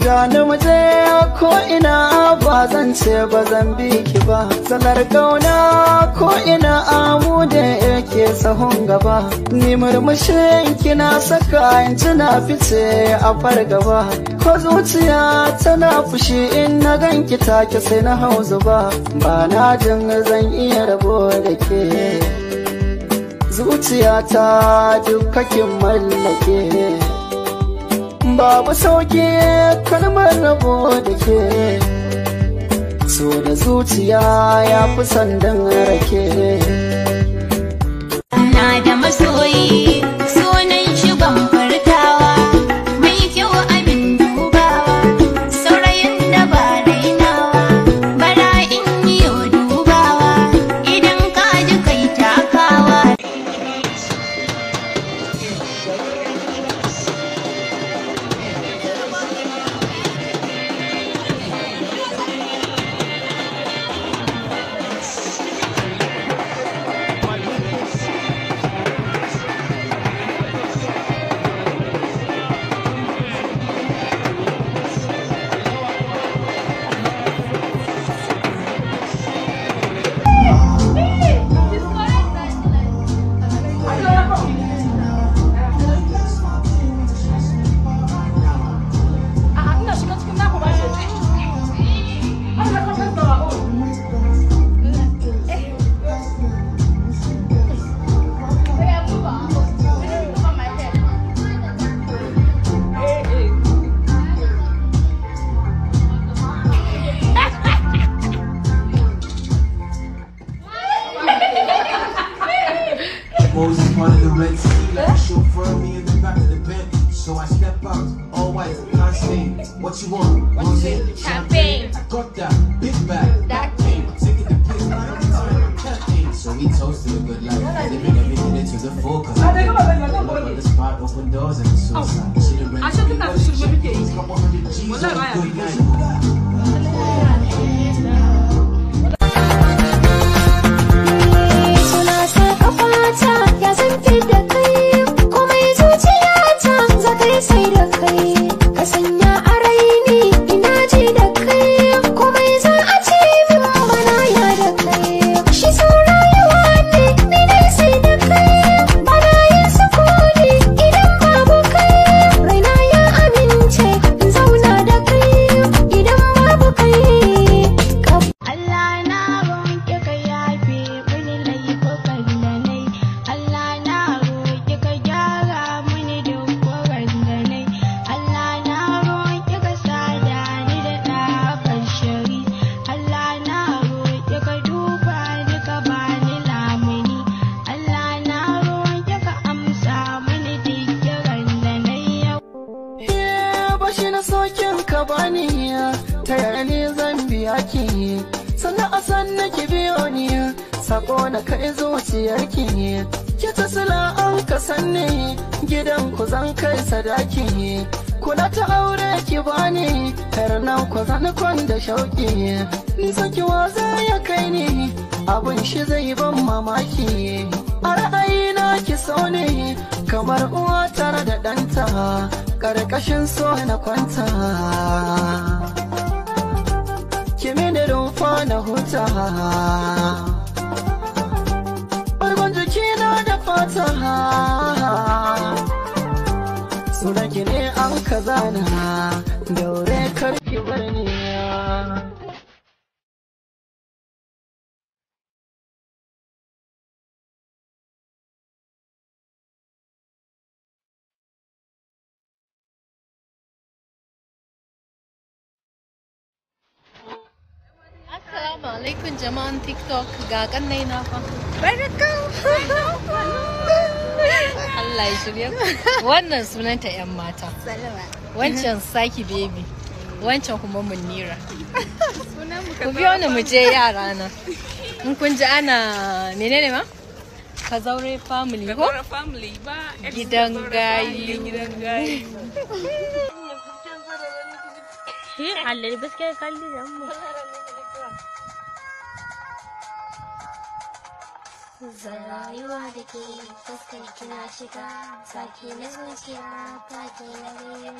Jani muje ko ina ba zan ce ba zan bi ki ba Salar gauna ko ina amu da yake sahun gaba Ni murmushin na saka in tuna fice a fargaba Ko zuciya tana fushi in na ganki take sai na hau zuba Ba na jin zan iya rabo da ke Zuciya ta kakin mallake babu sauki kalmar rabo da ke so da zuciya ya fi sandan rake na da masoyi part of the Red Sea like a chauffeur, me in the back of the bed. So I step out, all white, can't stay. What you want? Rosé, champagne. kika bani ta yaya zan biya ki sannan a san na ki biyo ni sako na kai zuciyar ki ki ta sula ka sanni gidan ku zan kai sadaki kula ta aure ki bani yar nan ku zan da shauki nisa waza ya kai ni abun shi zai ban mamaki a ra'ayi na ki so kamar uwa da ɗanta ƙarƙashin so na kwanta kimi da rumfa na huta ɓargon jiki na da fata sunanki ne an kazana daure karki barniya Assalamu alaikum jama'an TikTok ga kannai na fa. Barkan. Allah ya shirya. Wannan sunanta yan mata. Wancan Saki Baby. Wancan kuma Munira. Ku biyo ni mu je yara na. In kun ji ana menene ma? Kazaure family ko? Kazaure family ba. Gidan gayu. Gidan gayu. zan rayuwa da ke fuskar kina shiga zaki na zuciya take na biyu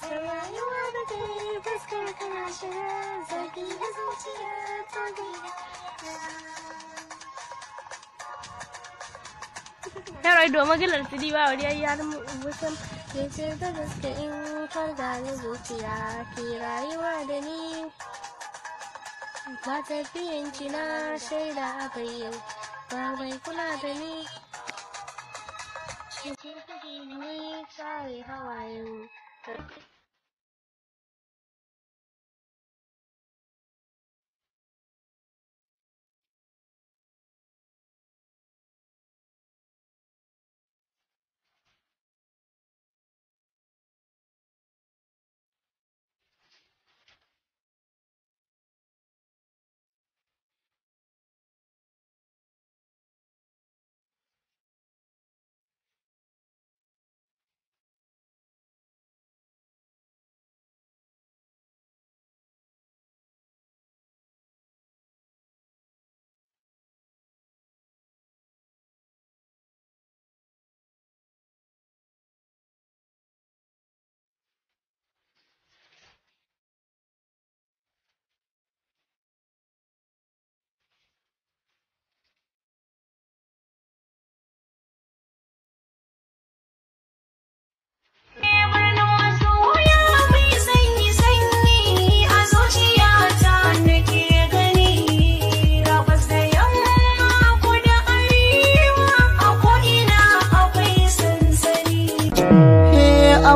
zan rayuwa da ke fuskar kina shiga zaki na zuciya ta take na Yarai domin gilar tiri ba wani yayi halin musan ke ce ta gaske in kar da zuciya ke rayuwa da ni ba tafiyanci na shaida aka yi 巴卫古纳贝尼，亲亲贝贝你，赛里海湾。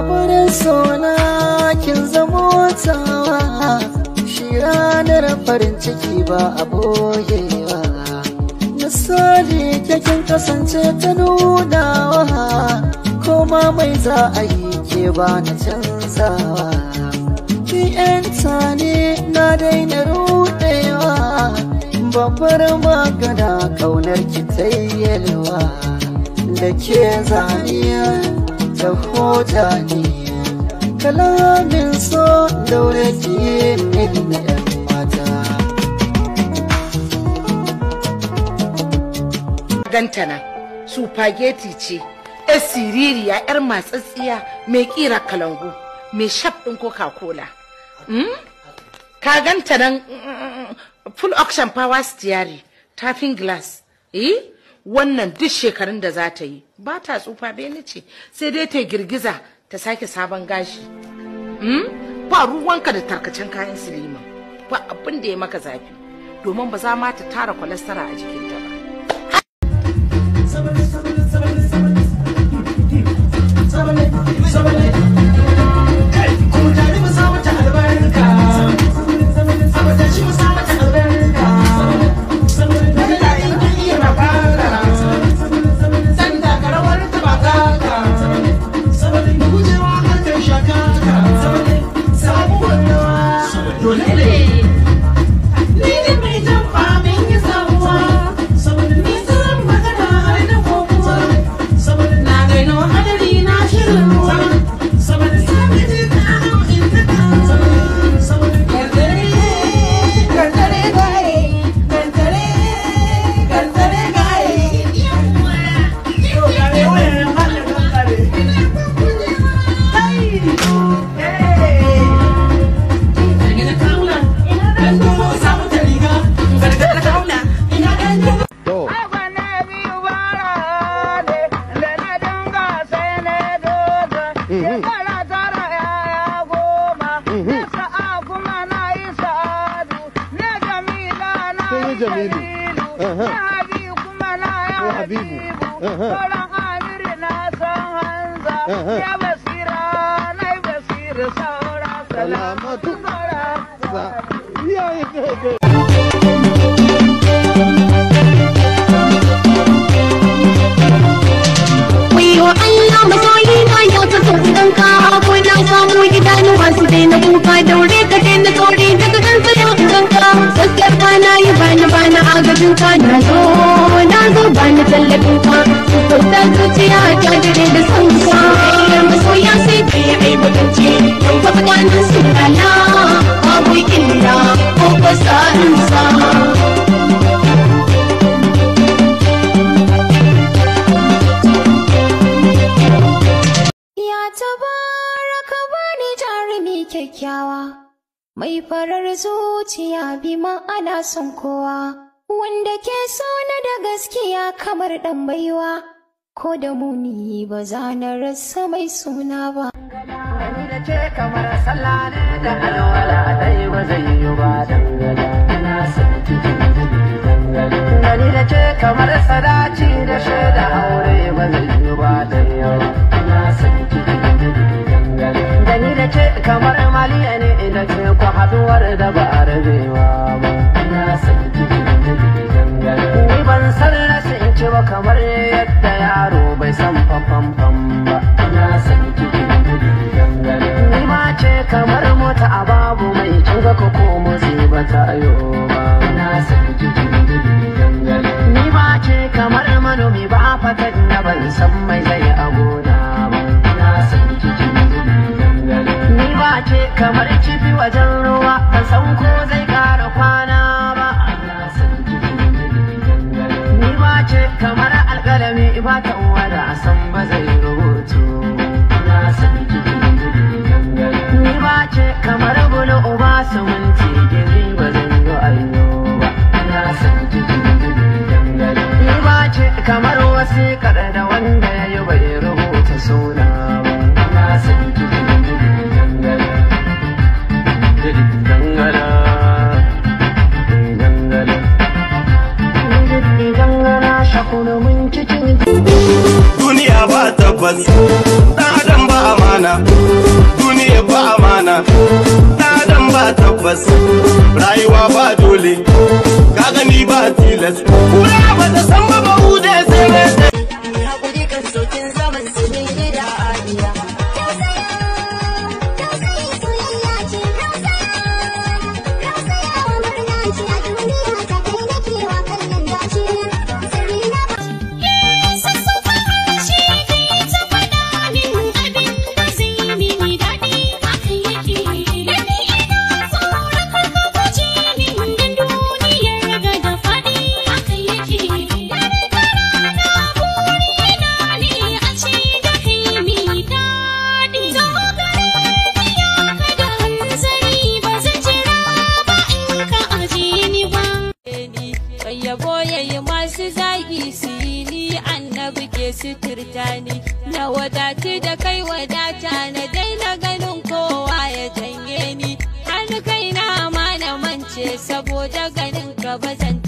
farin sona kin zamo tawa shi ranar farin ciki ba a boyewa misali kyakin kasance ta nunawa koma mai za a yi ke ba na canzawa ki yanta ne na daina rudewa babbar magana kaunar ki ta yalwa da ke zaniya da hoda ne kalamin so daure na yan mata ganta na supageti ce yar siririya yar matsatsiya mai kira kalangu mai shaf ɗin coca-cola hmm? ka ganta nan mm, mm, mm, full auction power tafin glass eh wannan duk shekarun da za ta yi ba ta tsufa bai bene ce sai dai ta girgiza ta sake sabon gashi hmm? ba ruwanka da tarkacen kayan silima ba abin da ya maka zafi domin ba za ma ta tara kwalastara a jikinta ya basira na basira saura salamatu saura daina kuka daure ka daina tsore daga kan tsayon kanka gaskiyar na yi bani bani agajin ka na zo na zo tallafin ka zuciya ta dare da san ka yar masoya sai ka yi mai don fa tsakanin su rana abokin na ko fasarin sa ya tabaraka bani jarumi kyakkyawa mai farar zuciya bi ma'ana son kowa wanda ke so na da gaskiya kamar ɗan ko da muni ba za na rasa mai suna ba. Gani ce kamar sallah ne da alwala dai ba zai yi ba dangana ina son cikin zubi da ce kamar sadaci da shaida aure ba zai yi ba dan yawa ina son cikin zubi da ce kamar maliya ne da ce ku haduwar da ba ko komo zai ba ta ba na san gidi dangane ni ba ce kamar manomi ba fatan na ban san mai zai a gona ba na san gidi dangane ni ba ce kamar kifi wajen ruwa ban san ko zai kara kwana ba na san gidi dangane ni ba ce kamar alkalami ba ta wada san ba zai rubutu na san gidi dangane ni ba ce kamar basu rayuwa ba dole ka gani ba tilas kura ba ta san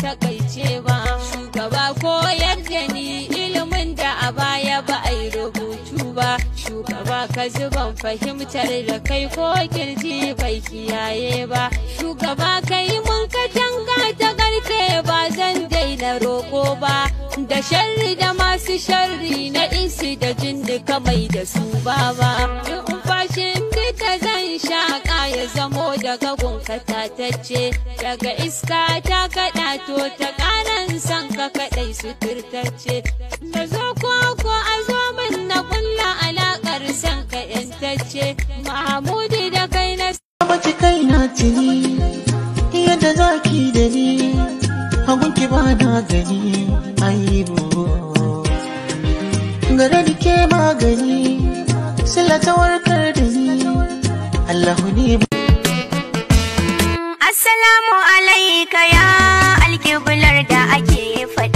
takaice ba shugaba koyar da ni ilimin da a baya ba a yi rubutu ba shugaba ka zuban fahimtar da kai ko kirji bai kiyaye ba shugaba ka yi mun tanga ta karfe ba zan daina roko ba da sharri da masu sharri na isi da jin duka mai da su ba ba ka zan shaƙa ya zamo daga gunka tace daga iska ta kaɗa to ta ƙaran san ka kaɗai suturtacce ta zo koko a zo min na ƙulla alaƙar san ka tace mahamudi da kai na mace kai na tuni yadda za ki da ni hagunki ba na gani aibu gare ke magani sila ta Asalamu ne ba. Assalamu alaika ya da ake faɗi.